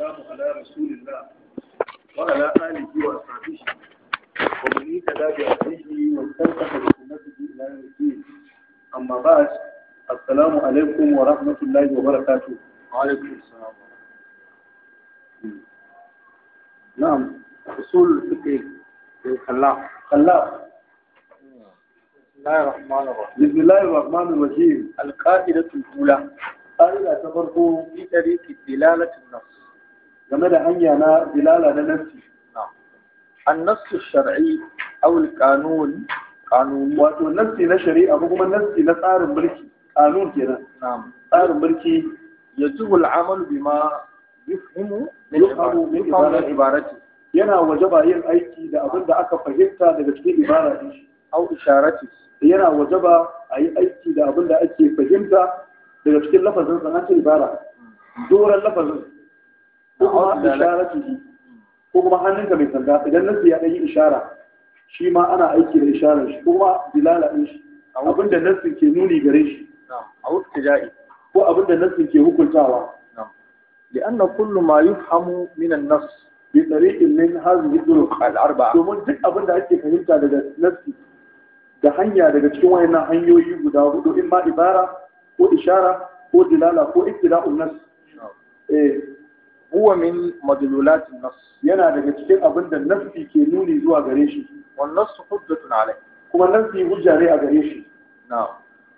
والسلام على رسول الله وعلى آله وأصحابه ومن اهتدى بهديه واستمسك بسنته إلى يوم الدين أما بعد السلام عليكم ورحمة الله وبركاته وعليكم السلام نعم أصول الفقه الخلاق خلاق بسم الله الرحمن الرحيم بسم الله الرحمن الرحيم القاعدة الأولى قاعدة تفرقوا في طريق دلالة النص game da hanya na bilala na nassi النص الشرعي أو القانون قانون واتو النص نشري أو كما النص نصار ملكي قانون كده نعم صار ملكي يجب العمل بما يفهم من يفهم من ibarati. yana wajaba yin aiki da abin da aka fahimta daga cikin ibara din shi au isharati yana wajaba a yi aiki da abin da ake fahimta daga cikin lafazin sanan ibara hmm. doran lafazin isharar ko kuma hannunka mai sanda idan ya ishara shi ma ana aiki da isharar shi kuma bilala shi abinda ke nuni gare shi ko abinda nasi ke hukuntawa لأن كل ما يفهم من النص بطريق من هذه الطرق الأربعة domin duk abin ake fahimta daga nafsi da hanya daga cikin wayannan hanyoyi guda hudu in ma ibara ko ishara ko dilala ko nas huwa min madlulatin nas yana daga cikin abin da nafsi ke nuni zuwa gare shi wan nas hujjatun alai kuma nafsi hujja ne a gare shi na'am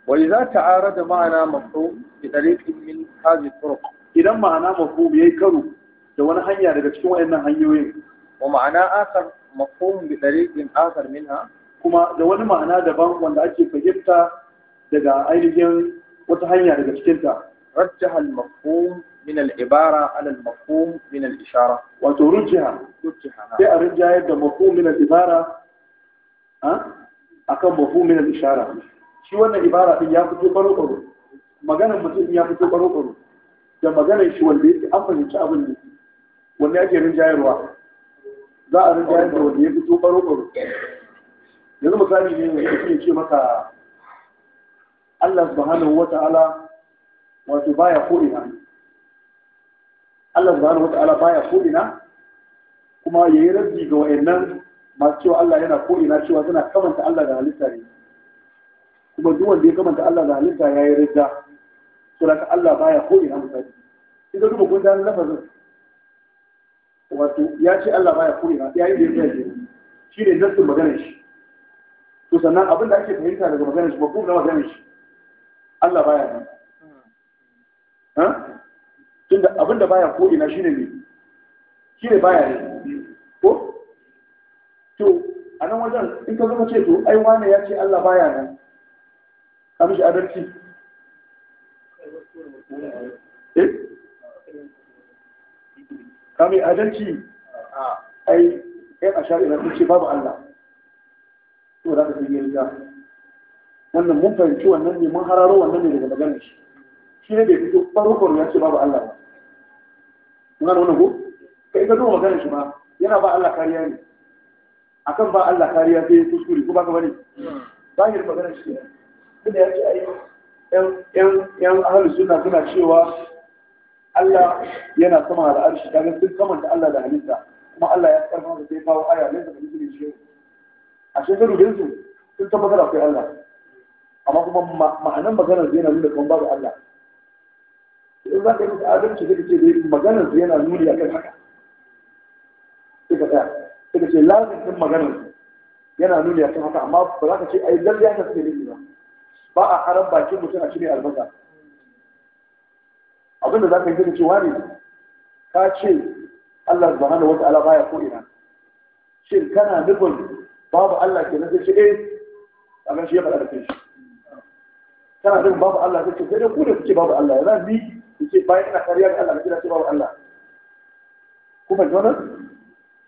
wa idza ta'arada ma'ana mafhum bi tariqin min hadhihi turuq idan ma'ana mafhum yayi karo da wani hanya daga cikin wayannan hanyoyin wa ma'ana akar mafhum bi tariqin akar minha kuma da wani ma'ana daban wanda ake fahimta daga ainihin wata hanya daga cikinta rajjaha al mafhum من العبارة على المفهوم من الإشارة وترجها في الرجاء يبقى مفهوم من العبارة أه؟ أكم مفهوم من الإشارة شو أن عبارة يا فتو برو برو مجانا مثل يا فتو برو برو da maganar shi wanda yake an fahimci abin ake wanda yake za a rinjayar da wanda ya fito baro baro yanzu misali ne wanda yake ce maka Allah subhanahu wa ta'ala wato baya ko ina Allah wata ala baya ko'ina, kuma ya yi rabbi ga wa'annan masu cewa Allah yana ko'ina cewa suna kamanta Allah da halitta ne kuma duk wanda ya kamanta Allah da halitta yi ridda to da Allah baya ko ina misali idan duba kun dan lafazin wato ya ce Allah baya ko'ina? Ya yi da ne. shi ne nassin maganar shi to sannan abin da ake fahimta daga maganar shi ba ko na maganar shi Allah baya nan tunda abin da baya ko ina shine ne shine baya ne ko to a nan wajen in ka zama ce to ai wane ya ce Allah baya nan ka mishi adalci eh? ka mai adalci ai a ashari na ce babu Allah to da ka sai yarda wannan mun fahimci wannan ne mun hararo wannan ne daga magana shi shi ne bai fito farko ya ce babu Allah kun gano wannan kai ka duba maganar shi ma yana ba Allah kariya ne akan ba Allah kariya zai yi kuskure ko baka bane zahir maganar shi tunda ya ce ai yan yan yan ahlus sunna suna cewa Allah yana sama da arshi kaga sun kamanta Allah da halitta kuma Allah ya karfa da sai kawo aya ne da mutum shi a shekaru da su sun tabbatar akwai Allah amma kuma ma'anan maganar zai na nuna kan babu Allah in za ka yi musu adalci zai ce dai maganar su yana nuni kan haka sai ka tsaya sai ka ce lazim maganar su yana nuni kan haka amma ba za ka ce ai lalle haka suke nufi ba ba a haram bakin mutum a cire albasa abinda za ka yi zai ce wani ka ce Allah subhanahu wa ta'ala baya ko ina shin kana nufin babu Allah ke nasa ce eh a shi ya faɗa da kai kana nufin babu Allah sai ce sai dai ku da kuke babu Allah ya za ni ولكن هناك افضل من اجل ان يكون هناك افضل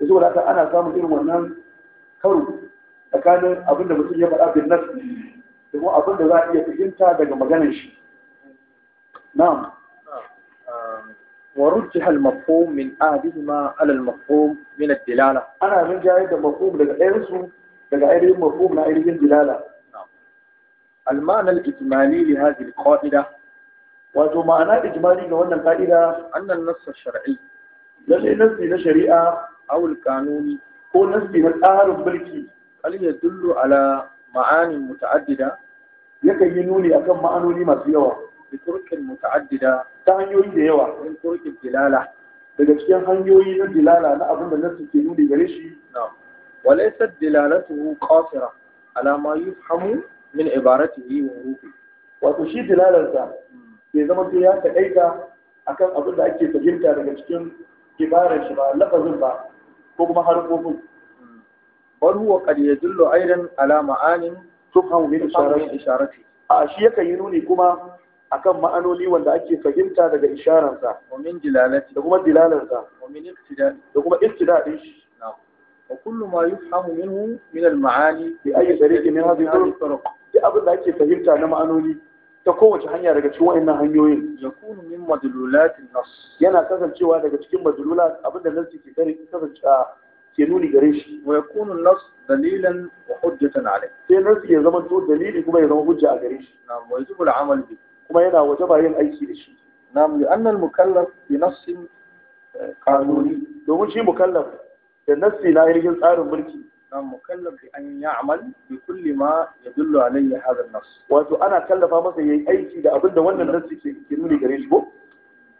من اجل انا يكون هناك افضل من اجل ان يكون هناك افضل من اجل ان يكون هناك افضل من اجل ان يكون هناك افضل من اجل ان يكون هناك افضل من اجل ان يكون هناك افضل من اجل ان wato ma'ana ijmali ga wannan ka'ida annan nassa shar'i lalle nassi na shari'a aw al ko nassi na tsarin mulki ya yadullu ala ma'ani muta'addida yakan yi nuni akan ma'anoni masu yawa bi turkin muta'addida ta hanyoyi da yawa min turkin dilala daga cikin hanyoyi na dilala na abin da nassi ke nuni gare shi na'am walaysa dilalatuhu qasira ala ma yufhamu min ibaratihi wa hurufi wato shi dilalarsa bai zama to ya a kan abin da ake fahimta daga cikin kibarar shi ba lafazin ba ko kuma har harkokin bal huwa qad yadullu aidan ala ma'anin tufhamu min isharati a shi yakan yi nuni kuma a kan ma'anoni wanda ake fahimta daga isharansa wa min da kuma dilalarsa da kuma ibtida din shi wa kullu ma yufhamu minhu min al-ma'ani bi ayyi tariqin min hadhihi al-turuq duk abin da ake fahimta na ma'anoni ta kowace hanya daga cikin wa'annan hanyoyin ya kunu min madlulat nas yana kasancewa daga cikin madlulat abinda nasi ke kare kasance ah, ke nuni gare shi wa yakunu nas dalilan wa hujjatan alai sai nasi ya zama to dalili kuma ya zama hujja a gare shi na'am wa yajibu al-amal bi kuma yana wajaba yin aiki da shi na'am li anna al-mukallaf bi nassin qanuni eh, domin shi mukallaf da nassi na irin tsarin mulki الإنسان مكلف بأن يعمل بكل ما يدل عليه هذا النص wato ana kallafa masa yayi aiki da abinda wannan nassi ke ke gare shi ko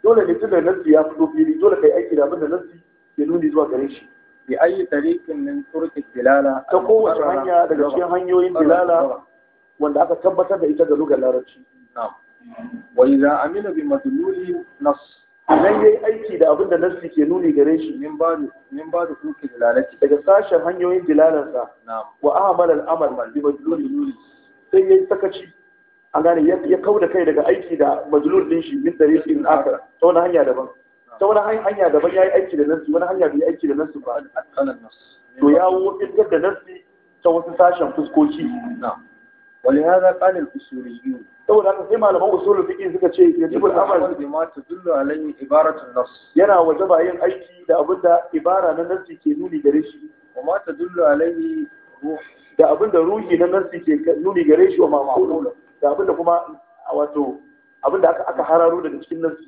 dole ne tunda nassi ya fito fili dole kai aiki da abinda nassi ke nuni zuwa gare shi bi ayi tariqin min turuq dilala ta kowace hanya daga cikin hanyoyin dilala wanda aka tabbatar da ita ga lugar larabci na'am wa idza bi nan yi aiki da abin da nassi ke nuni gare shi min ba da kuke dilalati daga sashen hanyoyin jilalarsa wa ahmal al amal bi nuni sai yi sakaci a gane ya da kai daga aiki da majlul din shi min tariqin akhar ta wani hanya daban ta wani hanya daban ya yi aiki da nassi wani hanya ya aiki da nassi ba to ya wuce da nassi ta wasu sashen fuskoki ولهذا قال الأصوليون saboda haka sai malaman usulul fiqh suka ce yajibu al-amal bima tadullu alayhi ibaratu an-nass yana wajaba yin aiki da abinda ibara na nassi ke nuni gare shi wa ma tadullu alayhi ruh da ruhi na nassi ke nuni gare shi wa ma ma'qul da abinda kuma wato abinda aka aka hararo daga cikin nassi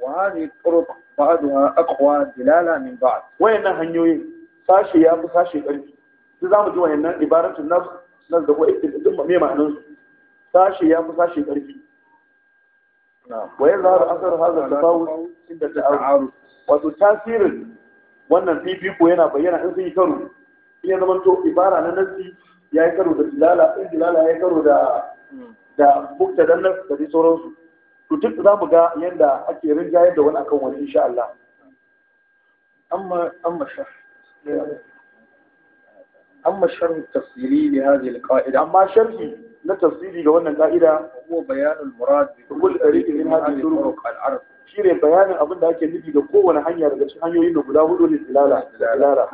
wa hadhihi turuq ba'daha aqwa dilala min ba'd wayannan hanyoyin sashi ya fi sashi karfi sai zamu ji wayannan ibaratu an-nass nan da kuma ikin duk mai ma'anin su sashe ya fi sashe ƙarfi wa yin a asar hazar da sawu inda ta ta'aru wato tasirin wannan fifiko yana bayyana in sun yi karo in ya zama to ibara na nasi ya yi karo da dilala in dilala ya yi karo da da bukta dan nan da dai sauransu to duk za mu ga yadda ake rinjayar da wani akan wani insha Allah amma amma sha amma sharh tafsiri li hadhihi alqa'ida amma sharhi na tafsiri ga wannan ka'ida huwa bayan al-murad bi kulli tariqin min hadhihi turuq al-arab shine bayanin abin da ake nufi da kowane hanya daga cikin hanyoyin da guda hudu ne dilala dilala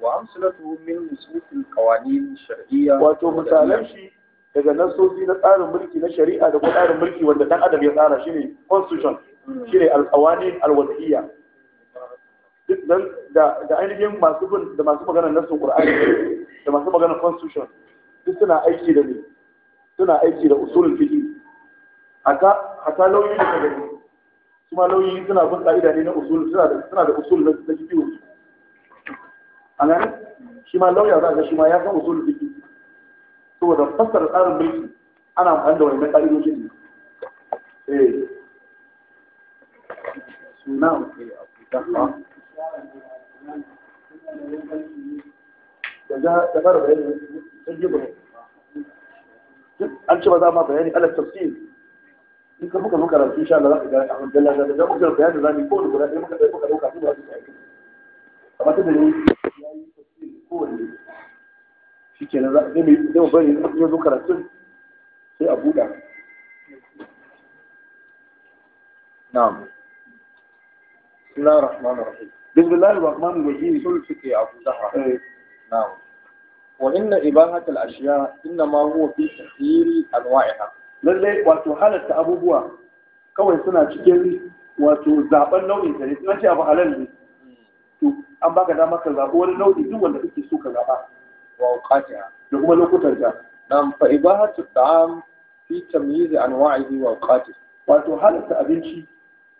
wa amsalatu min usul al-qawanin shar'iyya wato misalan shi daga nasosi na tsarin mulki na shari'a da kuma tsarin mulki wanda dan adam ya tsara shine constitution shine al-qawanin al-wad'iyya da ainihin masu bin da masu maganar nasu da masu maganar constitution duk suna aiki da ne suna aiki da usulun fiqh A haka lauyi da su kuma lauyi suna bin ƙa'ida ne na usul suna da suna da usul na A nan, shi ma lauya za ga shi ma ya san usulul fiqh saboda fassara tsarin mulki ana amfani da wani mai ne eh sunan eh abu da fara bayani sun yi bayani an ci ba za ma bayani ala tafsir in ka muka muka rasu insha Allah za ka ga abin dalla da da muka bayani da zamu ko da guda ɗaya muka ɗaya muka ɗauka su da su aiki amma ta da ne ya yi tafsir kowanne shi ke nan zai mu zai mu bari in ya zo karatun sai a buɗa na'am بسم الله الرحمن الرحيم bismillahir rahmanir rahim sul fiqi abu zahra eh. na'am wa inna ibahatul ashiya inna ma huwa fi tahyiri anwa'iha lalle wato halatta abubuwa kawai suna cikin wato zaben nau'in ne suna ce abu halal ne hmm. an baka dama ka zaɓi wani nau'i duk wanda kake so ka zaɓa da kuma lokutan ta nam fa ibahatu ta'am fi tamyiz anwa'ihi wa awqatihi wato halatta abinci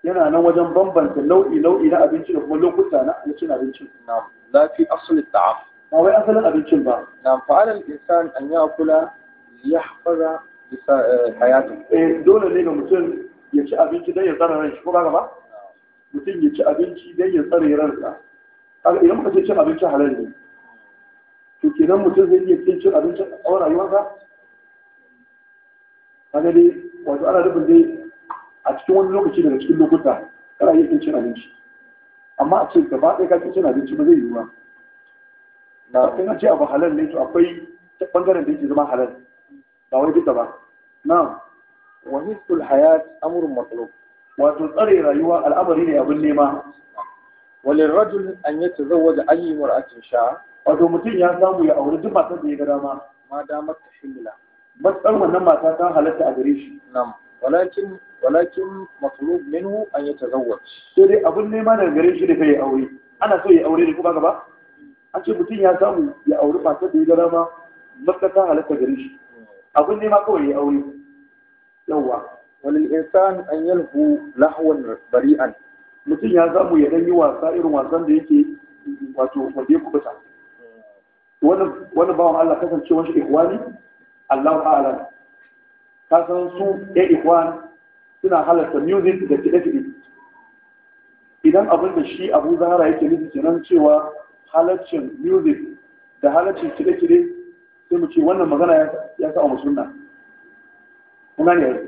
yana nan wajen bambanta nau'i nau'i na abinci da kuma lokuta na cin abincin na'am la fi asli ta'am ba wai asalin abincin ba na'am fa alal insan an ya'kula liyahfaza eh, hayatu eh dole ne ga mutum ya ci abinci dan ya tsare ran shi ko ba ba mutum ya ci abinci dan ya tsare ransa kaga idan muka ce cin abinci halal ne to kenan mutum zai iya cin abinci a rayuwarsa kaga dai wato ana nufin dai a cikin wani lokaci daga cikin lokuta kana iya cin abinci amma a ce gaba ɗaya ka cin abinci ba zai yi ba na kan ce abu halal ne to akwai bangaren da yake zama halal ba wai duka ba na wa hisul hayat amrun matlub wato tsare rayuwa al'amari ne abin nema walil rajul an yi ta zauwa da mar'atin sha wato mutum ya samu ya auri duk matar da ya ga dama ma damar ta shimila matsar wannan mata ta halatta a gare shi Na'am. walakin walakin matlub minhu an yatazawwaj sai dai abun nema daga gare shi da kai aure ana so ya aure ne kuma gaba an ce mutum ya samu ya auri matar da ya gara ma makata halatta abun nema kawai ya aure yawa walil insan an yalhu lahwan bari'an mutum ya samu ya dan yi wasa irin wasan da yake wato wanda ya kubuta wani bawan Allah kasancewar shi ikwani Allahu a'lam ka san su ya ikwan suna halarta music da kiɗe-kiɗe idan abin da shi abu zahara yake nufi kenan cewa halaccin music da halaccin kiɗe-kiɗe sai mu ce wannan magana ya sa mu sunna kuma ne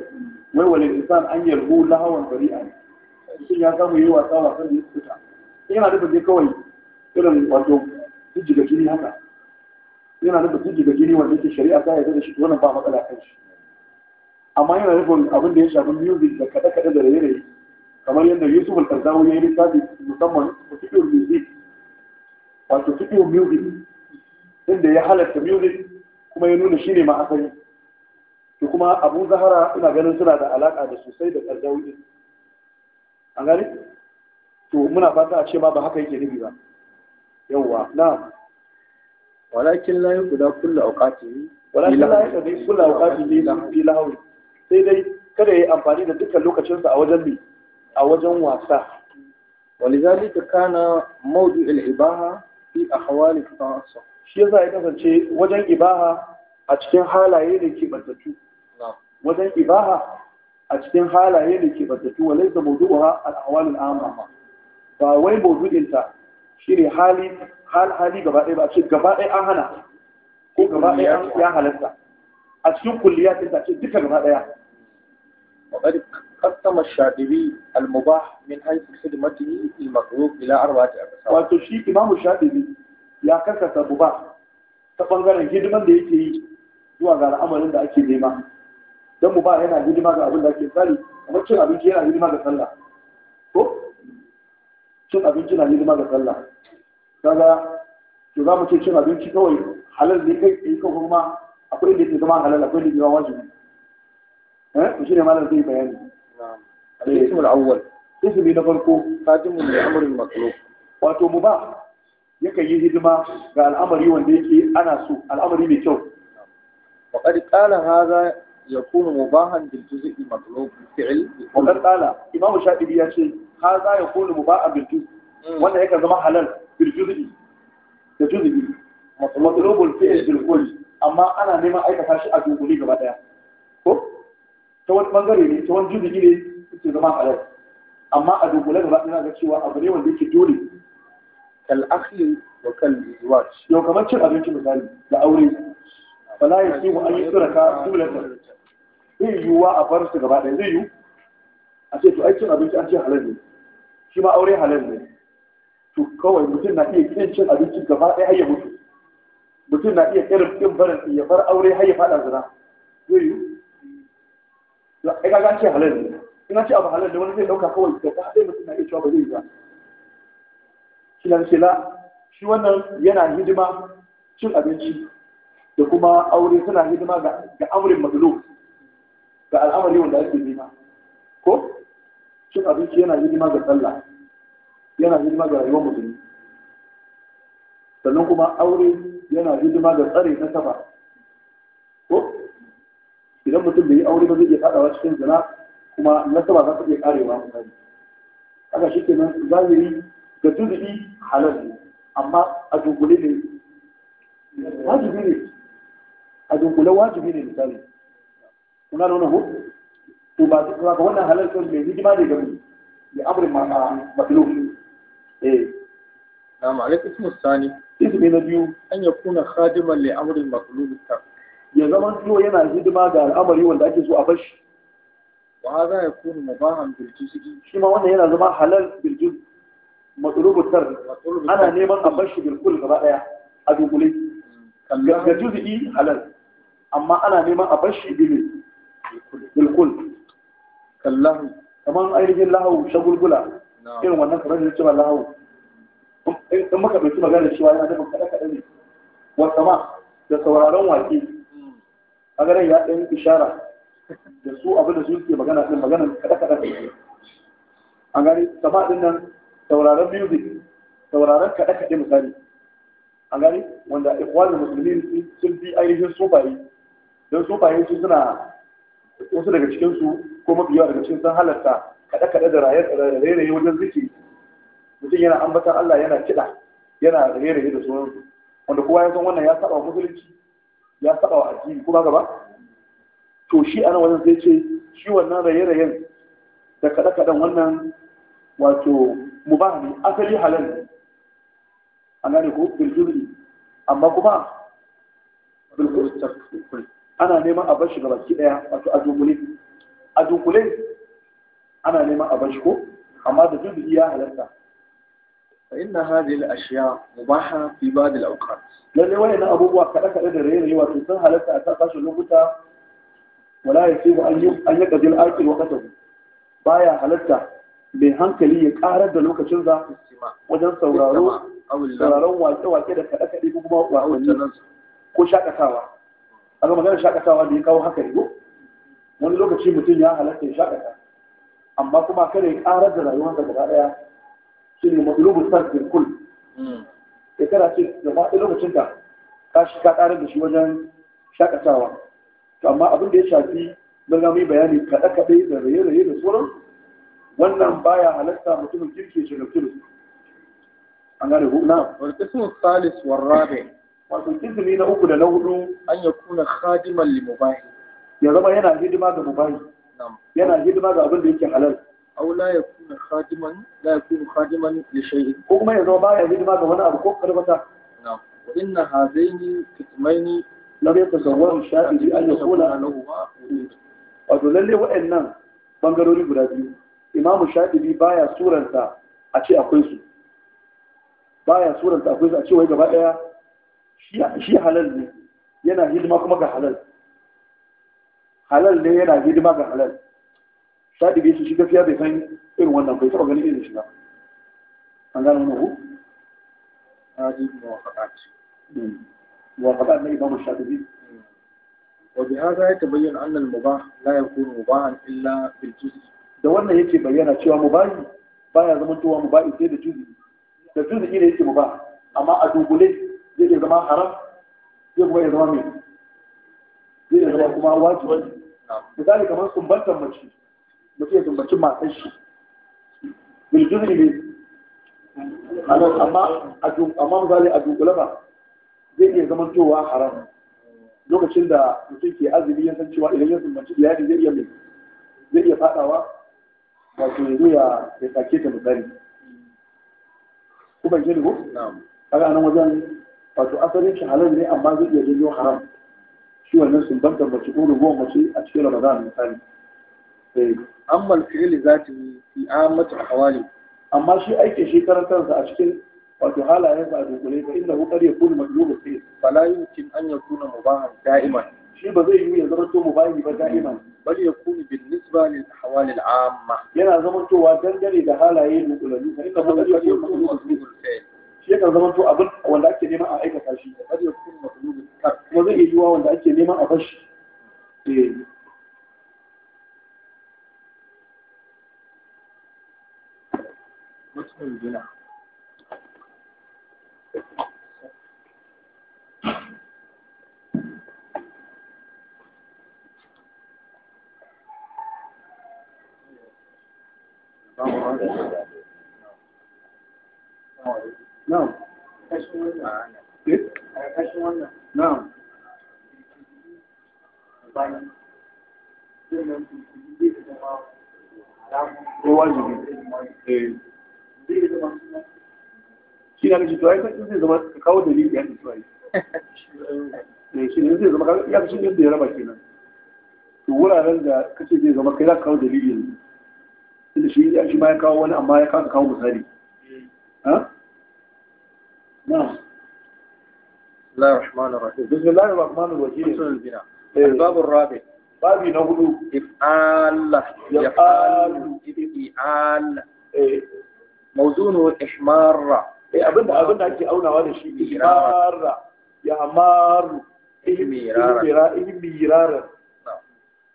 wai wale insan an yarbu lahawan bari'a sun ya samu yi wasa wasan da ya fita yana nufin dai kawai irin wato jijjiga jini haka yana nufin jijjiga jini wanda yake shari'a ta yarda da shi wannan ba matsala kan shi amma yana nufin abin da ya shafi music da kaɗe-kaɗe da raye-raye kamar yadda yusuf al-karzawo ya yi lissafi, musamman fiƙin music wato fiƙin music inda ya halatta music kuma ya nuna shi ne ma asali to kuma abu zahara ina ganin suna da alaƙa da sosai da karzawo ɗin an gani to muna fata a ce ma ba haka yake nufi ba yawwa na walakin la yuqda kullu awqatihi walakin la yuqda kullu awqatihi fi lahwi sai dai kada ya yi amfani da dukkan lokacinsa a wajen bi a wajen wasa ولذلك كان موضوع a في أحوال التعصب shi yasa ya kasance wajen ibaha a cikin halaye da ke bantatu. wajen ibaha a cikin halaye da ke bantattu wa maudu ba al-ahwalul amma ba wai mawdu'in ta shi hali hal hali gaba ɗaya ba ce gaba ɗaya an hana ko gaba ɗaya ya halatta a cikin kulliyat ta ce duka gaba ɗaya وقد قسم الشاطبي المباح من حيث خدمته المقروب إلى أربعة أقسام wato shi imamu shafi'i ya karkasa mubah ta bangaren hidiman da yake yi zuwa ga al'amarin da ake nema dan mubah yana hidima ga abin da ake tsari kamar cin abinci yana hidima ga sallah ko cin abinci na hidima ga sallah kaga to za mu ce cin abinci kawai halal ne kai kuma akwai inda yake zama halal akwai inda yake zama wajibi eh shi ne malam zai bayani na'am al-ismul awwal ismi na farko khadimun li yi hidima ga al'amari wanda yake ana so al'amari mai kyau وقد قال هذا يكون مباحا بالجزء المطلوب بالفعل وقد قال امام الشافعي ya ce هذا يكون مباحا بالجزء wanda yake zama halal بالجزء da juz'i matlubul fi'l bil kull amma ana neman aikata shi a dunkuli gaba ɗaya. ta wani bangare ne ta wani jirgi ne su zama halal amma a dunkule gaba ɗaya ga cewa abu ne wanda yake dole kal akhli wa kal izwaj yau kamar cin abinci misali da aure fala wa an dole dulatan zai yiwuwa a bar su gaba ɗaya zai yiwu a ce to ai cin abinci an ce halal ne shi ma aure halal ne to kawai mutum na iya kin cin abinci gaba ɗaya har ya mutu mutum na iya irin kin barin ya bar aure har ya faɗa zina zai yiwu ai kaga ce halal ne in an ce abu halal ne wani zai dauka kawai da ta haɗe mutum na iya cewa ba zai yi ba shi na shi wannan yana hidima cin abinci da kuma aure suna hidima ga amurin maglo ga al'amari wanda ake nema ko cin abinci yana hidima ga sallah yana hidima ga rayuwar musulmi sannan kuma aure yana hidima ga tsare na saba idan mutum bai yi aure ba zai iya fadawa cikin zina kuma nasaba za ta iya karewa haka shi kenan zahiri ga tuzubi halal ne amma a dunkule ne wajibi ne a dunkule wajibi ne misali kuna nuna ku to ba su ka wannan halal ɗin mai hikima ne gami da amurin matilo ah, eh na ma'alaikacin musani ismi na biyu an ya kuna khadiman li amurin matilo ta ya zama to yana hidima ga al'amari wanda ake so a bashi wa hadha yakunu mubahan bil juz'i shi ma wannan yana zama halal bil juz'i matlubu tar ana neman a bashi bil gaba daya a dubule ga juz'i halal amma ana neman a bashi bil bil kull kallahu kaman ainihin lahu shagulgula irin wannan kamar da cewa lahu in muka bai ci magana cewa yana da kaɗa kaɗa ne wasa ma da sauraron wake. kagarai ya ɗan ishara da su abin da su magana ɗin magana da kaɗe a gari sama ɗin nan sauraron music sauraron kaɗa kaɗe misali a gari wanda ikwalin musulmi sun fi ainihin sofaye don sofaye su suna wasu daga cikinsu ko mafi yawa daga cikin sun halarta kaɗa kaɗe da raye-raye wajen zikiri mutum yana ambatan Allah yana kiɗa yana raye-raye da sauransu wanda kowa ya san wannan ya saba musulunci ya saba wa addini kuma gaba to shi ana wajen zai ce shi wannan raye-rayen da kaɗe-kaɗen wannan wato mu ba ne asali halal ne ku gane ko amma kuma ana neman a bashi gaba ki daya wato a dunkule a dunkule ana neman a bashi ko amma da jirgi ya halarta فإن هذه الأشياء مباحة في بعض الأوقات لأن وين أبو بكر كذا كذا دريري وتنسى هل تأتاش لغتا ولا يصيب أن أن يقضي الآكل وقته بايا هلتا بهنكلي يقارب لوكا شنزا وجن سورارو sauraron wake-wake da kaɗe-kaɗe ko kuma wasannin ko shakatawa a ga maganar shakatawa ya kawo haka ne wani lokaci mutum ya halatta ya shakata amma kuma kada ya ƙarar da rayuwarsa gaba ɗaya shi ne matsalubun kul ya hmm. eh, kara ce da faɗi lokacin ka ka shi ka ƙarar da shi wajen shakatawa to amma abin da ya shafi mun gami bayani kaɗe-kaɗe da raye-raye da sauran wannan baya halatta mutumin kirke shi da kudu. an gane ku na wal qismu salis warrabe rabi wato izini na uku da na hudu an ya kuna khadiman li ya zama yana hidima ga mubai yana hidima ga abin da yake halal aw la yakunu khadiman la yakunu khadiman li shay'in ko kuma ya zama baya hidima ga wani abu ko karbata na'am wa inna hadaini kitmaini lam yatasawwaru shafi'i an yaqula anahuma wato lalle wa'annan bangarori guda biyu imamu shafi'i baya suranta a ce akwai su baya suranta akwai su a ce wai gaba daya shi halal ne yana hidima kuma ga halal halal ne yana hidima ga halal shaɗi su shi gaskiya bai san irin wannan bai taɓa ganin irin shi ba an gano wani hu hadi muwafaqat hmm. muwafaqat na imamu shaɗi وبهذا يتبين أن المباح لا يكون مباحا إلا بالجزء da wannan yake bayyana cewa mubahi baya zama tuwa mubahi sai da juzi da juzi ne yake mubah amma a dubule zai iya zama haram zai kuma iya zama mai zai iya zama kuma wajibi misali kamar sumbantar mace mutum ya tumbaci matar shi biljuzuri ne amma misali a dunkule zai iya zama cewa haram lokacin da mutum ke azumi ya san cewa idan ya tumbaci iyali zai iya mai zai iya fadawa wato ya zo ya sake ta misali kuma ke ko? kaga nan wajen wato asalin shi halal ne amma zai iya janyo haram shi wannan sun bambanta mace ko rubuwan mace a cikin ramadan misali eh. amma alfi'il zati fi ammatu ahwali amma shi aikin shi karantarsa a cikin wato halayen sa a dunkule fa inna hu qad yakunu majlubu fi fala yumkin an yakuna mubahan da'iman shi ba zai yi ya zama to mubahi ba da'iman bal yakunu bin nisba lil ahwali al amma yana zama to wa dangane da halaye dunkulalu fa inna ba zai yakunu majlubu fi shi yakan zama to abin wanda ake neman a aikata shi qad yakunu majlubu fi kuma zai yi wa wanda ake neman a bashi eh mutumin gina. Thank you. zai zama suna shi na kashi zai zama ka kawo dalili ya tuwaye eh, da shi ne zai zama ya kashi yadda ya raba kenan to wuraren da kace zai zama kai za ka kawo dalili yanzu inda shi ya shi ma ya kawo wani amma ya kawo misali ha na بسم الله الرحمن الرحيم بسم الله الرحمن الرحيم الباب الرابع na hudu if'al yaf'al eh. mawzunu ihmarra eh abinda ya maru ihmirara ihmirara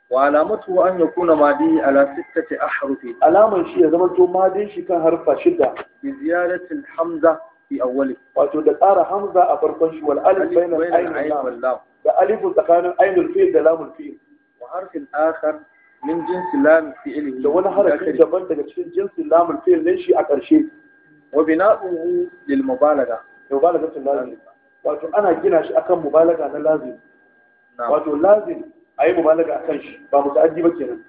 wa alamatu an yakuna madi ala sittati ahrufi alaman shi ya zama to madin shi kan harfa shida bi ziyarati alhamza fi awwali wato da tsara hamza a farkon shi wal alif bainal ayn wal da tsakanin ainul da lamul fi'l wa min jinsi lam fi'li da wani harafi daban daga cikin jinsi lam fi'l din shi a ƙarshe wa bina'uhu lil mubalaga wato ana gina shi mubalaga akan shi ba ba kenan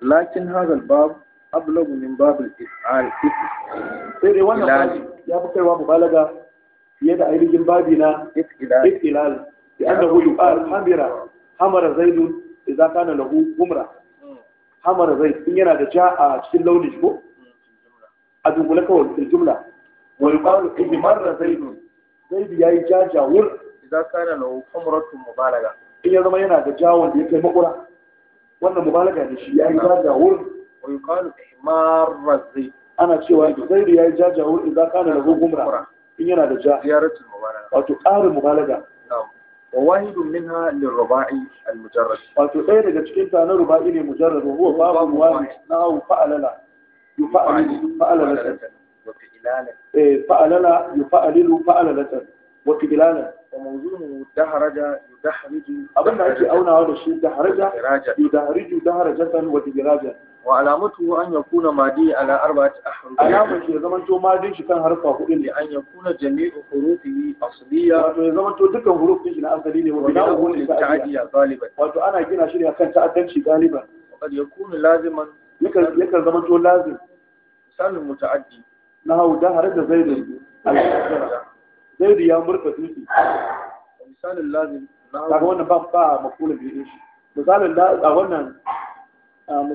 lakin hadha al-bab ablagu min bab al-if'al sai dai wannan babi ya fi kaiwa mubalaga fiye da ainihin babi na if'ilal idza kana lahu umra hamara zai in yana da ja a cikin launin ko a dunkule kawai fil jumla wa yuqalu ihmarra zaidun zaid yayi jaja wur idza kana lahu umratun mubalaga in ya zama yana da ja wanda ya kai makura wannan mubalaga ne shi ya yi yayi jaja wur wa yuqalu ihmarra zaid ana cewa zaid yayi jaja wur idza kana lahu umra in yana da ja ziyaratul mubalaga wato ƙarin mubalaga وواحد منها للرباعي المجرد فتخير إذا إيه تكنت أنا رباعي المجرد وهو باب واحد نعم فعل لا يفعل فعل لتن وفعل لا إيه، يفعل لا wata bilalan wa mawzuhu daharaja yudahriju abinda ake aunawa da shi daharaja yudahriju daharajatan wa tibilajan wa alamatu an yakuna madi ala arba'ati ahruf alaman shi zaman to madin shi kan harfa hudu ne an yakuna jami'u hurufihi asliya to ya zaman dukkan hurufin shi na asali ne wa bina'uhu lil ta'diya galiban wato ana gina shi ne akan ta'addanci galiban wa yakunu laziman yakan yakan daharaja zaidu ya murka dutse misalin lazim kaga wannan ba ba biyu bi shi misalin da a wannan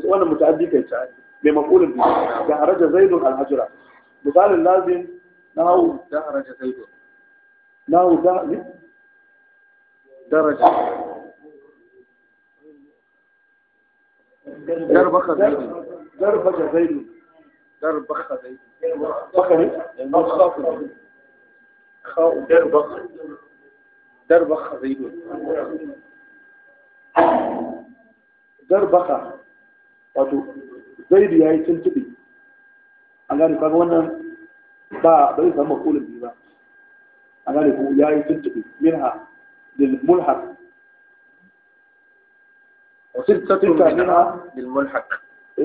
wannan muta'addi kai ta bi maqul biyu, da haraja zaidu al hajra misalin lazim hau da haraja zaidu hau da daraja darbaka zaidu darbaka zaidu darbaka zaidu baka ne خاء دربخ دربخ زيد دربخ wato zaidu ya yi tuntuɓe an gane kaga wannan ba ba zai samu makulin ba an gane ko ya yi tuntuɓe minha lil mulhaq wasu tattunta minha lil mulhaq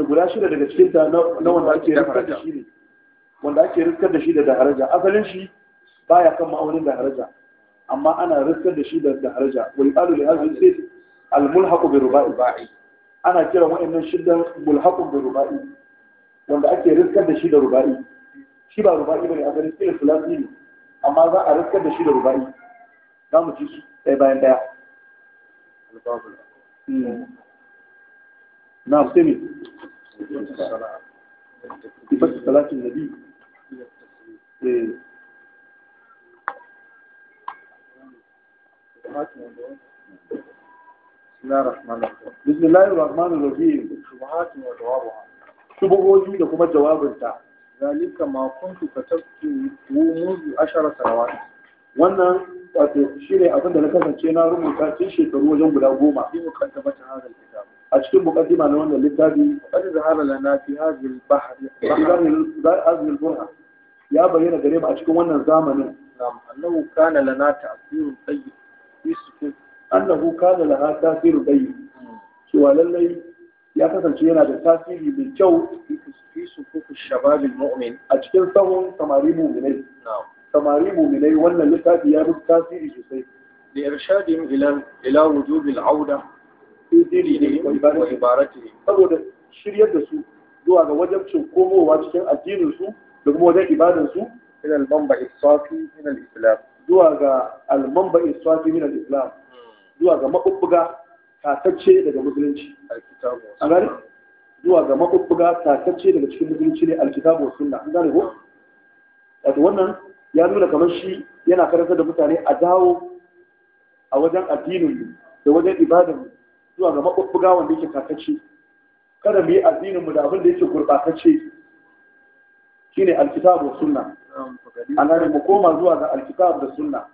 guda shida daga cikin ta na wanda ake rikar da shi ne wanda ake rikar da shi da daraja, asalin shi baya kan ma'aunin da haraja amma ana riskar da shi da haraja wai qalu li ce? sit al mulhaqu bi ruba'i ba'i ana kira wa'annan shiddan mulhaku bi ruba'i wanda ake riskar da shi da ruba'i shi ba ruba'i bane a garin ilil filasi ne amma za a riskar da shi da ruba'i za mu ci su ɗaya bayan ɗaya hmm. na sai ne صفة salatin nabi eh. بسم الله الرحمن الرحيم بسم وجوابها شبهوجي da kuma jawabinta zalika ma kuntu katabtu منذ 10 سنوات wannan wato shine abin da na kasance na rubuta tun shekaru wajen guda goma bi muqaddamati hadha alkitab a cikin muqaddima na wannan littafi qad zahara lana fi hadhihi al-bahr hadhihi al-burha ya bayyana gare mu a cikin wannan zamanin yusuf annahu kana laha tasiru bayyin cewa lallai ya kasance yana da tasiri mai kyau fi sufufu shababin mu'min a cikin sahun samari mu'minai samari mu'minai wannan littafi ya rubuta tasiri sosai da irshadin ila ila wujubil auda fi dinihim wa ibaratihim saboda shiryar da su zuwa ga wajabcin komowa cikin addinin su da kuma wajen ibadansu ila al-bamba isafi ila al-islam zuwa ga almamba iswati min al-islam zuwa ga mabubbuga tatacce daga musulunci a gani zuwa ga mabubbuga tatacce daga cikin musulunci ne alkitabu wa sunna an gane ko wato wannan ya nuna kamar shi yana karantar da mutane a dawo a wajen addinin da wajen ibadan zuwa ga mabubbuga wanda yake tatacce kada mu yi addinin mu da abin da yake gurbatacce shine alkitabu wa sunna alhari mu koma zuwa ga alkitab da sunna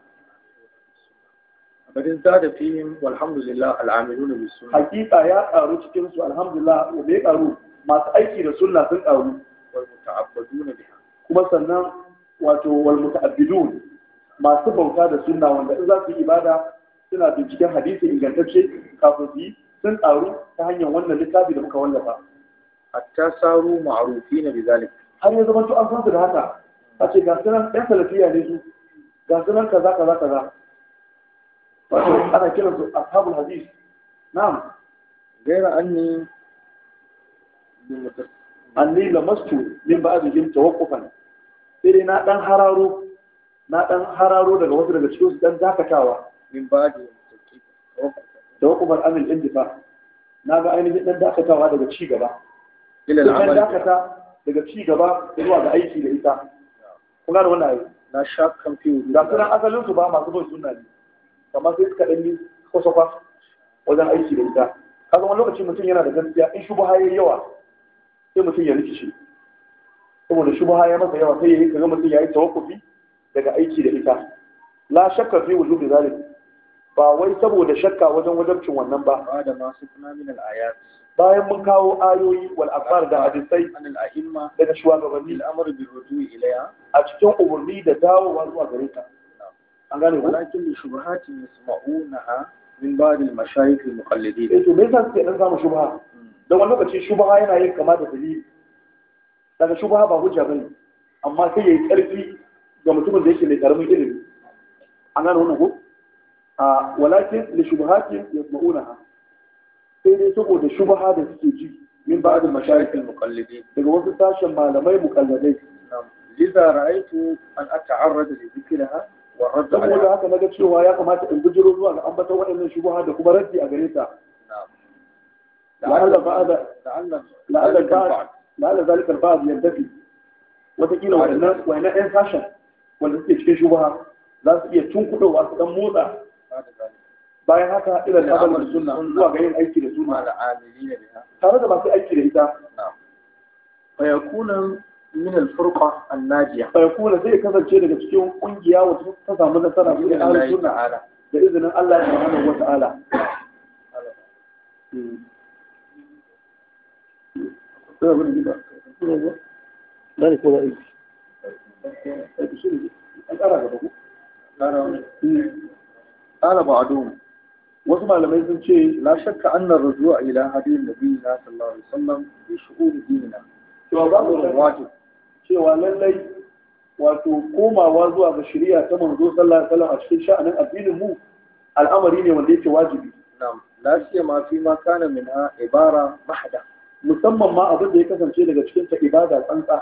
abadin za da fihim walhamdulillah al'amilu na bisu hakika ya karu cikin su alhamdulillah ya bai karu masu aiki da sunna sun karu kuma sannan wato wal muta'abbidu masu bauta da sunna wanda in za su yi ibada suna binciken hadisi ingantacce kafin su yi sun karu ta hanyar wannan littafi da muka wallafa hatta saru ma'rufina bi bizalik. har ya zama an san su da haka a ce gasu nan? Ɗan salafiya ne su ga sunan kaza kaza kaza wato ana kiran su ashabul hadis na'am gaira anni anni lamastu min ba'dihim tawaqqufan sai na dan hararo na dan hararo daga wasu daga cikin su dan dakatawa min ba'dihim tawaqqufan amil indifa na ga ainihin dan dakatawa daga ci gaba ila al'amal dakata daga ci gaba zuwa ga aiki da ita kun gane wannan ayi na sha confused da sunan asalin su ba masu bin sunna ne kamar sai suka danyi kwasafa wajen aiki da ita kaga wani lokaci mutum yana da gaskiya in shubuha yayi yawa sai mutum ya rikice saboda shubuha ya masa yawa sai yayi kaga mutum ya yi tawakkufi daga aiki da ita la shakka fi wujubi zalik ba wai saboda shakka wajen wajabcin wannan ba da masu min al bayan mun kawo ayoyi wal akhbar da hadisai anil a'imma daga shugabanni al'amr bi ruju'i ilayha a cikin umurni da dawowa zuwa gare ta an gane ko lakin li shubuhati yasma'unaha min ba'd al mashayikh al muqallidin eh to me yasa suke dan samu shubha hmm. dan wani lokaci shubha yana yin kama da dalili daga shubha ba hujja bane amma sai yayi karfi ga mutumin da yake da karamin ilimi an gane wannan ko a walakin li shubhatin yasma'unaha sai dai saboda shubha da suke ji min ba'd mashayikh al-muqallidin daga wasu sashen malamai muqallidai liza ra'aytu an ata'arrad li dhikraha wa radd saboda haka naga cewa ya kamata in bijiro zuwa ga ambaton waɗannan shubha da kuma raddi a gare ta la'alla ba'da la'alla la'alla ba'da la'alla zalika al wataƙila 'yan sashen suke cikin za su iya tunkuɗowa su ɗan motsa bayan haka abin da suna zuwa ga yin aiki da sunna tare da masu aiki da ita bayakunan yakuna min an zai kasance daga cikin kungiya wacce ta samu nasara bi ahlus sunna da izinin Allah subhanahu wa ta'ala Dari qala ba'du wasu malamai sun ce la shakka anna rujua ila hadiyin na sallallahu alaihi wasallam fi shu'uri dinina cewa ba mu wato cewa lallai wato komawa zuwa ga shari'a ta manzo sallallahu alaihi wasallam a cikin sha'anin addinin mu al'amari ne wanda yake wajibi na'am lafiya ma fi ma kana minha ibara mahda musamman ma abin da ya kasance daga cikin ta ibada tsantsa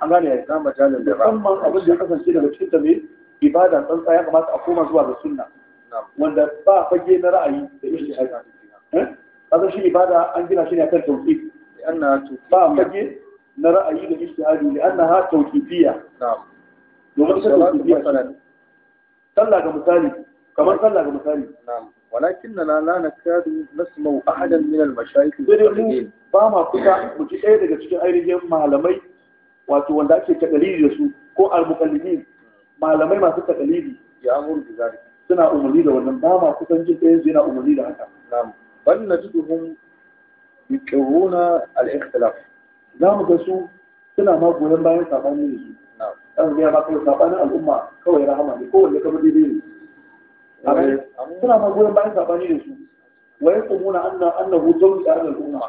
an gane ya zama jalin da ba. musamman abin da ya kasance daga cikin ta mai ibada tsantsa ya kamata a koma zuwa ga sunna wanda ba fage na ra'ayi da ijtihadi eh? kaga shi ibada an gina shi ne akan tauqif ba fage na ra'ayi da ijtihadi li annaha tawqifiyya na'am domin ita tawqifiyya sallah ga misali kamar sallah ga misali na'am na لا نكاد نسمع احدا من المشايخ المسلمين ba ma kusa mu ji ɗaya daga cikin ainihin malamai wato wanda ake takalidi da su ko al-muqallidin hmm. malamai masu takalidi ya amuru da zalika suna umarni da wannan ba ma kusan jin ɗayan yana umarni da haka na'am na najiduhum yuqirruna al-ikhtilaf za mu ga su suna ma goyon bayan saɓani da su ɗan biya ba kawai saɓanin al'umma kawai rahama ne kowanne kama daidai ne eh, suna ma goyon bayan saɓani da su wa na anna annahu zawji al-umma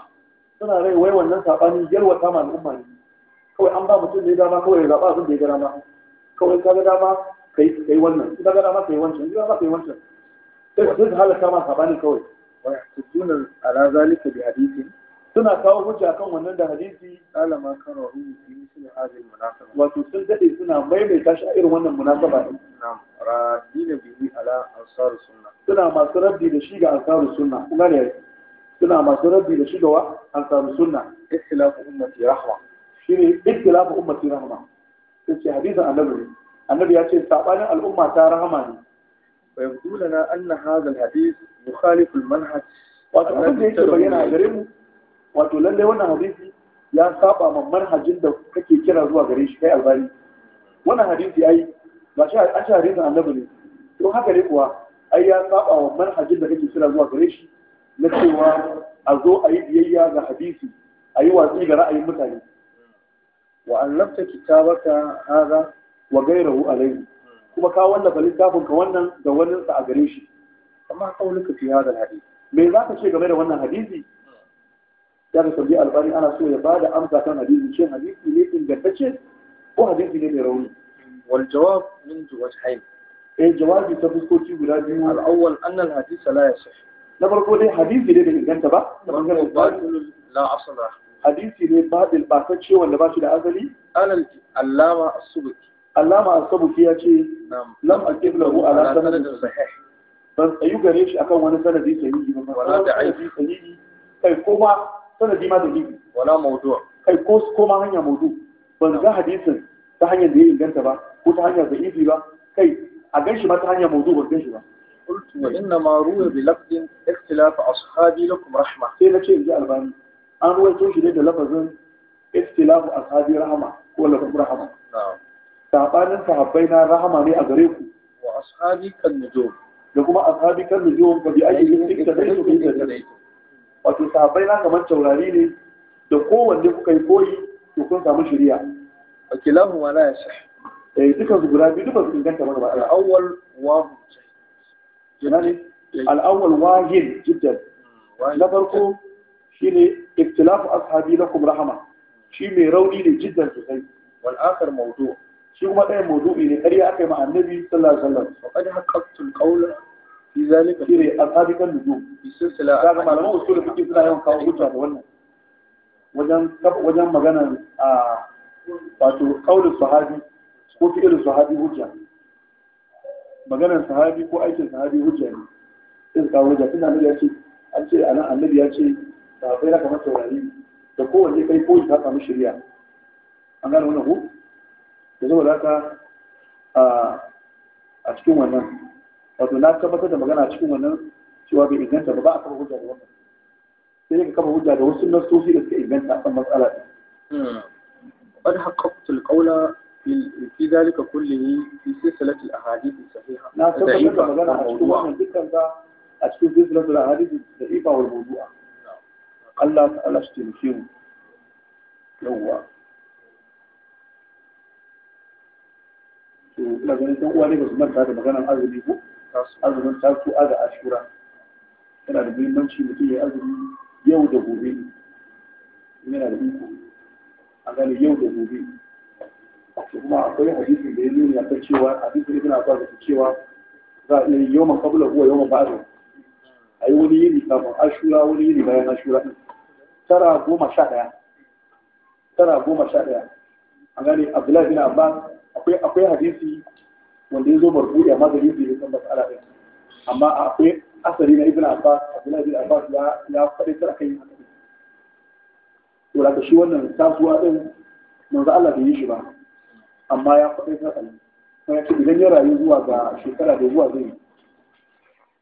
suna rai wai wannan yar yalwata ma al'umma ne kawai an ba mutum ne dama kawai zaɓa abin da ya ga dama kawai ka ga dama kai kai wannan in ka ga dama kai wancan in ka ga kai wancan sai duk halaka ma sabani kawai wa yahsuduna ala zalika bi hadithin suna kawo hujja kan wannan da hadisi ala kan karahu fi suna hadin munasaba wato sun dade suna maimaita shi a irin wannan munasaba din na'am radina bihi ala ansar sunna suna masu rabbi da shi ga ansar sunna kuma ne suna masu rabbi da shi ga ansar sunna ikhtilafu ummati rahma shine ikhtilafu ummati rahma sai hadisin annabi annabi ya ce sabanin al'umma ta rahama ne fa yabdu lana anna hadha al-hadith yukhalif al-manhaj wato abin da yake bayyana a gare mu wato lalle wannan hadisi ya saba ma manhajin da kake kira zuwa gare shi kai albani wannan hadisi ai ba shi a shi hadisin annabi ne to haka ne kuwa ai ya saba wa manhajin da kake kira zuwa gare shi na cewa a zo a yi biyayya ga hadisi a yi watsi ga ra'ayin mutane wa allafta kitabaka hada wa gairahu alayhi kuma ka wallafa littafin ka wannan da wannan sa a gare shi amma kauluka fi hadal hadith me za ka ce game da wannan hadisi ya ka sabi albani ana so ya bada amsa kan hadisi shin hadisi ne ingantacce ko hadisi ne mai rauni wal jawab min wajhayn eh jawabi ta fuskoci guda biyu al awwal anna al hadith la yasih na farko dai hadisi ne da inganta ba da bangaren batil la asla hadisi ne batil ba ta ce wanda ba shi da azali alal allama as-subki Allama Asabuki ya ce lam aqib lahu ala sanadin sahih ban tsayu gare shi akan wani sanadi sahihi ba wala da aibi sahihi kai kuma sanadi ma da ibi wala mawdu' kai ko kuma hanya mawdu ban ga hadisin ta hanyar da ya inganta ba ko ta hanyar da izi ba kai a gan shi ma ta hanyar mawdu ban gan shi ba bi قلت وإنما روي بلفظ اختلاف Sai na ce سيدنا شيخ جاء الباني. أنا رويت وجه لفظ اختلاف أصحابي رحمة ولا لكم رحمة. نعم. sabanin sahabbai na rahama ne a gare ku wa ashabi kan nujum da kuma ashabi kan nujum ka bi ake yin da kake da kai wato sahabbai na kamar taurari ne da kowanne kuka yi koyi to kun samu shari'a wa kilahu wa la yashah eh duka su gura bi duka su inganta mana ba al-awwal wa jinani al-awwal hin jiddan na farko shine ikhtilafu ashabi lakum rahama shi mai rauni ne jiddan sosai wal akhar mawdu' shi kuma ɗaya mawdu'i ne ƙarya aka yi ma annabi sallallahu alaihi wasallam faqad haqqaqtul qawla fi zalika shi ne asabiqan nujum fi silsila kaga malaman usul fiqh suna yawan kawo hujja da wannan wajen wajen magana a wato qaulul sahabi ko fi'il sahabi hujja maganar sahabi ko aikin sahabi hujja ne in kawo hujja tunda annabi ya ce an ce anan annabi ya ce ba sahabbai na kamar taurari da kowanne kai koyi ta samu shirya an gane wannan ku da saboda ka a cikin wannan wato na tabbatar da magana cikin wannan cewa bai inganta ba ba a kafa hujja da wannan sai dai ka kafa hujja da wasu nasosi da suka inganta hmm. a matsala ɗin. قد حققت القول في في ذلك كله في سلسلة الأحاديث الصحيحة الضعيفة والموضوعة. سلسلة الأحاديث الضعيفة والموضوعة. الله الله to ina ganin ɗan uwa ne ba su manta da maganar azumi ko azumin tasu'a da ashura yana da muhimmanci mutum ya azumi yau da gobe yana da iko a gane yau da gobe kuma akwai hadisi da ya nuni akan cewa hadisi ibn Abbas da cewa za a yi yawan kabula huwa yawan ba'da a yi wani yini kafin ashura wani yini bayan ashura din tara goma sha ɗaya tara goma sha ɗaya a gane Abdullahi bin Abbas akwai akwai hadisi wanda ya zo marfu'i amma da hadisi ya san mas'ala din amma akwai asali na ibn abbas abdullahi ibn abbas ya ya faɗi tsara kai to da shi wannan tasuwa din manzo Allah bai yi shi ba amma ya faɗi tsara kai kuma ya ce idan ya rayu zuwa ga shekara da zuwa zai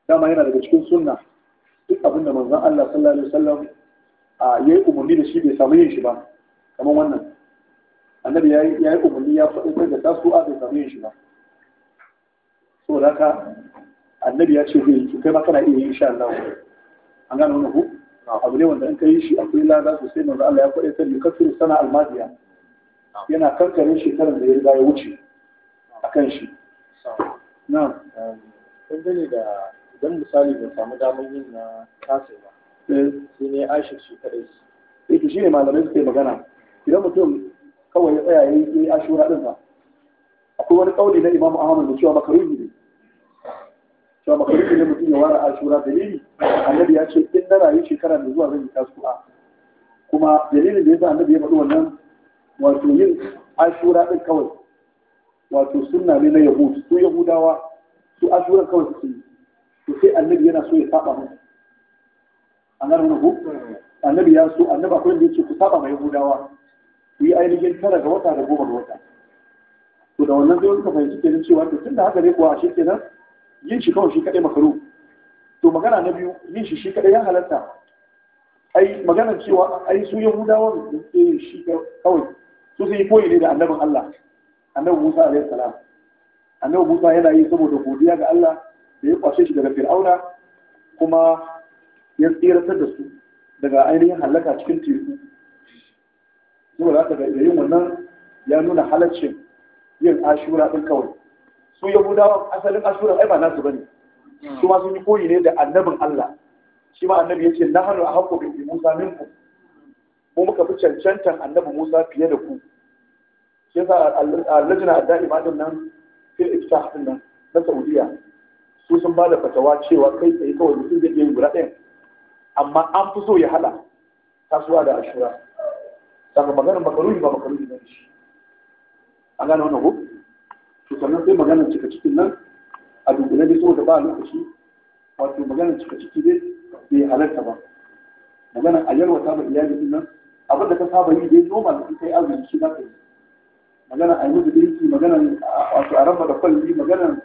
dama yana daga cikin sunna duk abin da manzon Allah sallallahu alaihi wasallam a yayi umarni da shi bai samu yin shi ba kamar wannan annabi ya yi umarni ya faɗi da ta su a bai samu yin shi ba So da ka annabi ya ce zai yi kai ma kana iya yin sha Allah an gane wani ku abu ne wanda in ka yi shi akwai lada sosai manzo Allah ya faɗi sai kafiru sana almadiya yana karkarin shekarar da ya riga ya wuce a kan shi na dangane da idan misali bai samu damar yin na kasa ba eh. sai ne aisha shi kadai eh to shine malamai suke magana idan mutum kawai ya tsaya ya yi ashura din ba akwai wani kauli na imamu ahmad da cewa makaruhi ne cewa makaruhi ne mutum ya ware ashura dalili annabi ya ce in na rayu shekara da zuwa zan yi tasu'a kuma dalilin da yasa annabi ya faɗi wannan wato yin ashura din kawai wato sunna ne na yahud su yahudawa su ashura kawai su yi to sai annabi yana so ya saba mu an gano annabi ya so annabi akwai wanda ya ce ku saba ma yahudawa ku yi ainihin tara ga wata da goma ga wata to da wannan zai ka fahimci kenan cewa to tun da haka ne kuwa a shi kenan yin shi kawai shi kaɗai makaru to magana na biyu yin shi shi kaɗai ya halatta ai maganar cewa ai su yahudawan da suke yin shi kawai su sun yi koyi ne da annabin Allah annabi Musa alayhi salam annabi Musa yana yi saboda godiya ga Allah da ya kwashe shi daga Fir'auna kuma ya tsiratar da su daga ainihin halaka cikin teku saboda haka da yin wannan ya nuna halaccin yin ashura din kawai su yahudawa asalin ashura ai ba nasu bane su ma sun yi koyi ne da annabin Allah shi ma annabi yace nahnu ahqqu bi Musa minku mu muka fi cancantan annabi Musa fiye da ku shi yasa allajina da'ima din nan fil iftah din nan na Saudiya su sun ba da fatawa cewa kai tsaye kawai mutum zai iya yin guda ɗaya amma an fi so ya hada kasuwa da ashura saka maganar makaruni ba makaruni ba shi an gane wannan ko to sannan sai maganar cika cikin nan a dubbuna dai saboda ba lokaci wato maganar cika ciki dai bai halarta ba maganar a yalwata ba iyali din nan abin da ka saba yi dai normal in kai azumi shi za ka yi maganar a yi musu dinki maganar wato a raba da kwalli maganar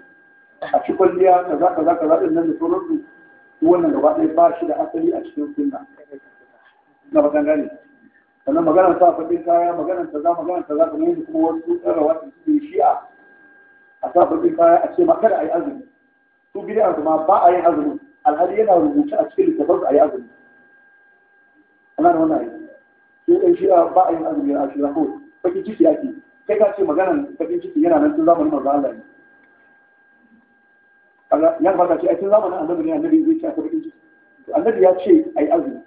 a ci kwalliya kaza kaza kaza din nan da sauransu wannan gaba ɗaya ba shi da asali a cikin sunna na ba gane sannan maganar sa faɗin kaya maganar ta za maganar ta za kuma yadda kuma wasu tsarawa da suke shi'a a sa faɗin kaya a ce ma kada a yi azumi su a kuma ba a yin azumi alhali yana rubuce a cikin littafin a yi azumi ana da wannan aiki sai ɗan shi'a ba a yin azumi a shi'a ko, bakin ciki ake kai ka ce maganar bakin ciki yana nan tun zamanin manzo Allah ne yan fata ce a cikin zamanin annabi ne annabi zai ce a bakin ciki annabi ya ce a yi azumi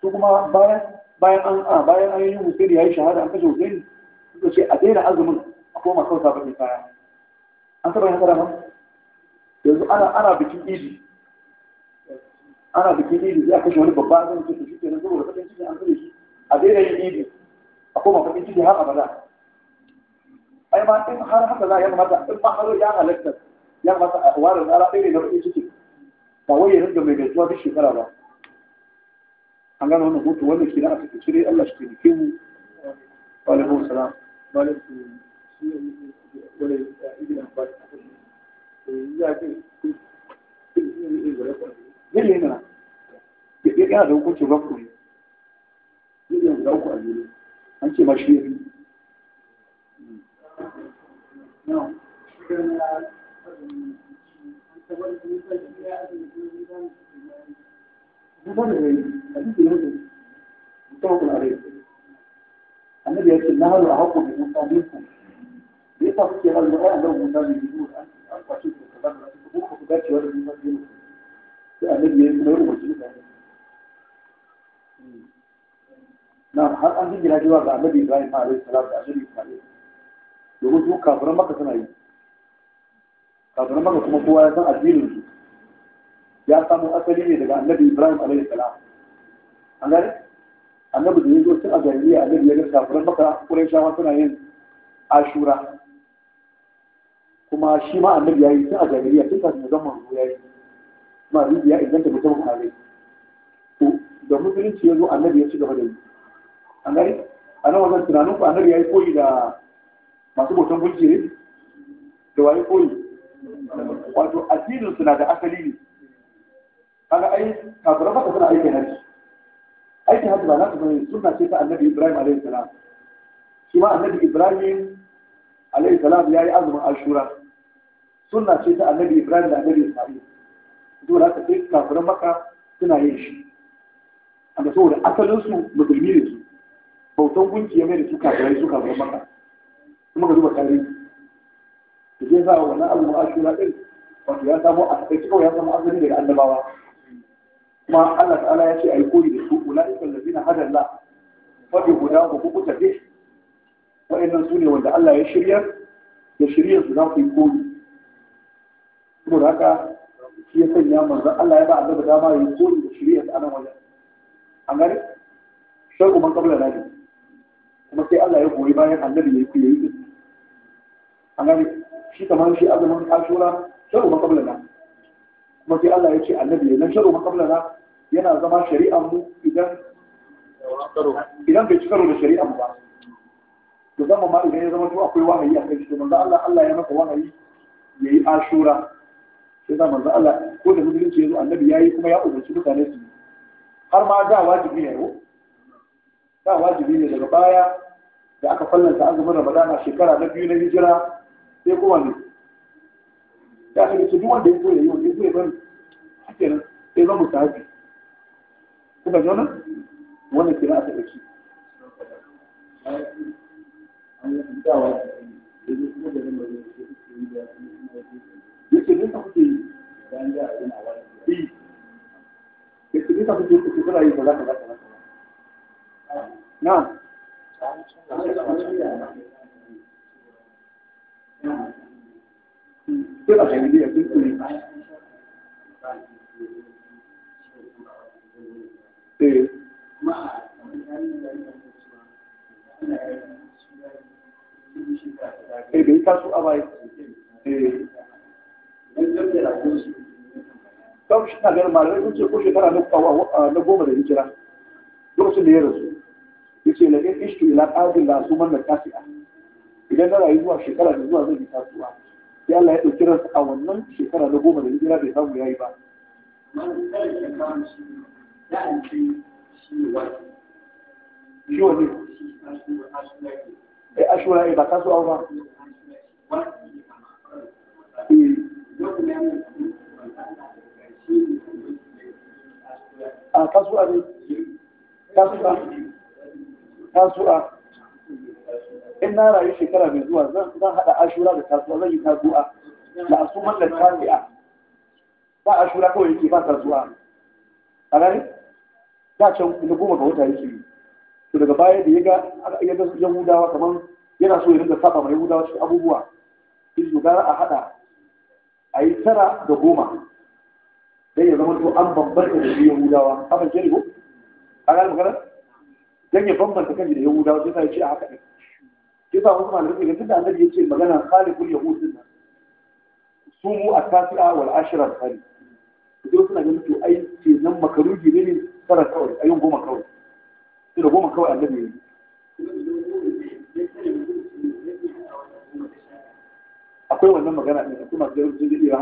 su kuma bayan bayan an a bayan an yi ya yayi shahada an kashe Hussein suka ce a daina azumin a koma kawai sabon kaya an saba yin ba yanzu ana ana bikin idi ana bikin idi sai a kashe wani babba zan ce shi kenan saboda fatin cikin an kashe shi a daina yin idi a koma fatin ciki har abada ai ma in har haka za a yi mata in ma har ya halatta ya mata a warin na ɗaya ne na fatin ba wai ya rinka mai gaisuwa duk shekara ba an gano wannan hoto wannan ke na a tafi cire Allah shi taimake mu wa alaikum salam zai yana yana da hukuncin rafu ne zai yana da uku a jere ne ce ma shi ya fi Thank you. متفق عليه النبي يقول النهر أعظم من مصابيكم لتفسير المرأة لو مصابي بدون أن أربع شيء من كلام الأسف بوخ بات يرد من مصابيكم النبي يقول يوم الجنة نعم هل أنت من هجوة مع النبي إبراهيم عليه السلام عشان يسمعين يقول هو كافر مكة سنعين كافر مكة كما هو أيضا أدين ya samu asali ne daga annabi ibrahim alaihi salam an gane annabi da ya cikin tun a jahiliya annabi ya ga kafiran maka shawa suna yin ashura kuma shi ma annabi ya yi tun a jahiliya tun kafin zaman ya yi ma ya inganta mutum halai to da musulunci ya zo annabi ya ci gaba da yi an gane a nan wajen tunanin ku annabi ya yi koyi da masu bautan gunki ne da waye koyi wato addinin suna da asali ne kaga ai kafiran haka suna aikin hajji aikin hajji ba na su suna ce ta annabi ibrahim alaihi salam shi ma annabi ibrahim alaihi salam ya yi azumin ashura sunna ce ta annabi ibrahim da annabi isma'il dole haka sai kafiran maka suna yin shi amma saboda asalinsu musulmi ne su bautan gunki ya mai da su kafirai su kafiran maka kuma ka duba tarihi da zai sa wannan azumin ashura din wato ya samo a takaice kawai ya samu asali daga annabawa kuma Allah ta'ala ya ce a yi koyi da su ula'ika allazina hada Allah fa bi hudahu hukuta bih wa'annan su ne wanda Allah ya shirya su za ku yi koyi saboda haka shi ya sanya manzon Allah ya ba yi da wajen gani kuma sai Allah ya goyi bayan annabi ya yi kuyi an gani shi kamar shi azumin ashura shauku man kabla kuma sai Allah ya ce annabi ya nan shauku man kabla yana zama shari'ar mu idan idan bai ci karo da shari'ar mu ba zama ma idan ya zama to akwai wahayi a kai shi manzo Allah Allah ya maka wahayi yayi ashura sai da manzo Allah ko da musulunci yazo annabi yayi kuma ya umarci mutane su har ma da wajibi ne ko da wajibi ne daga baya da aka fallanta azumin Ramadana shekara na biyu na hijira sai kuma ne da aka ce duk wanda ya zo ya yi wanda ya zo ya bari shikenan sai zan musahabi kuka ji wannan wannan kira kuke eh. kuke kuke kuna yi kaza kaza kaza na sai a eh bai eh, taso a yi. eh shi na ganin malamai sun ce ko shekara na goma da hijira lokacin da ya rasu ya ce lagin ishtu ila ƙadin da su manna a. idan na rayu zuwa shekara da zuwa zai yi tasuwa ya Allah ya ɗauki ransa a wannan shekara na goma da hijira bai samu ya yi ba. la'anci shi ne wake shi wani ai ashura ai ba ta so ba a kasuwa ne kasuwa kasuwa in na rayu shekara mai zuwa zan haɗa ashura da kasuwa zan yi kasuwa da asuman da a, ba ashura kawai yake ba kasuwa a gani da can na goma ga wata yake yi to daga baya da ya ga ya ga yahudawa yana so ya rinka saba mai yahudawa cikin abubuwa In su gara a hada a yi tara da goma dai ya zama to an bambanta da yahudawa haka ke ko a ga magana dan ya bambanta kanshi da yahudawa sai ya ce a haka ne sai sa wasu malamai ne tunda annabi ya ce magana khaliqul yahud din nan su mu a tasi'a wal ashra al-khali duk suna ganin to ai ce nan makaruji ne ne ثلاث كوري أيهم بوما كوري قلوا بوما كوري النبي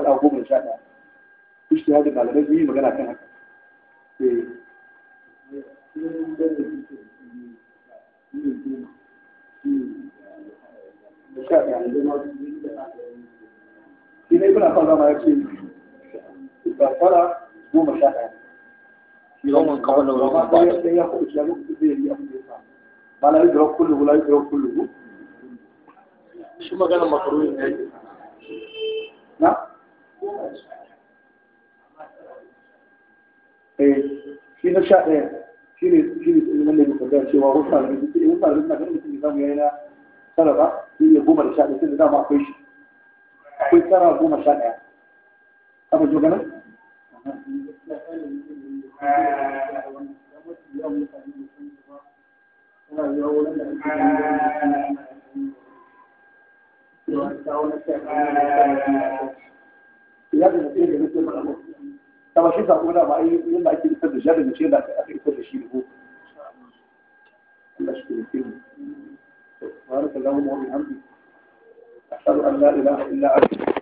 أو بوما إن شاء الله اجتهاد ابن على بيت مين مجانا كان هكا في إيه. نبي يوم قبل ويوم da kama طبعا شيء تقول ما اي يلا اكيد يصير الجبل مش يلا اكيد يصير شيء هو الله يشكرك بارك الله وبحمده اشهد ان لا اله الا انت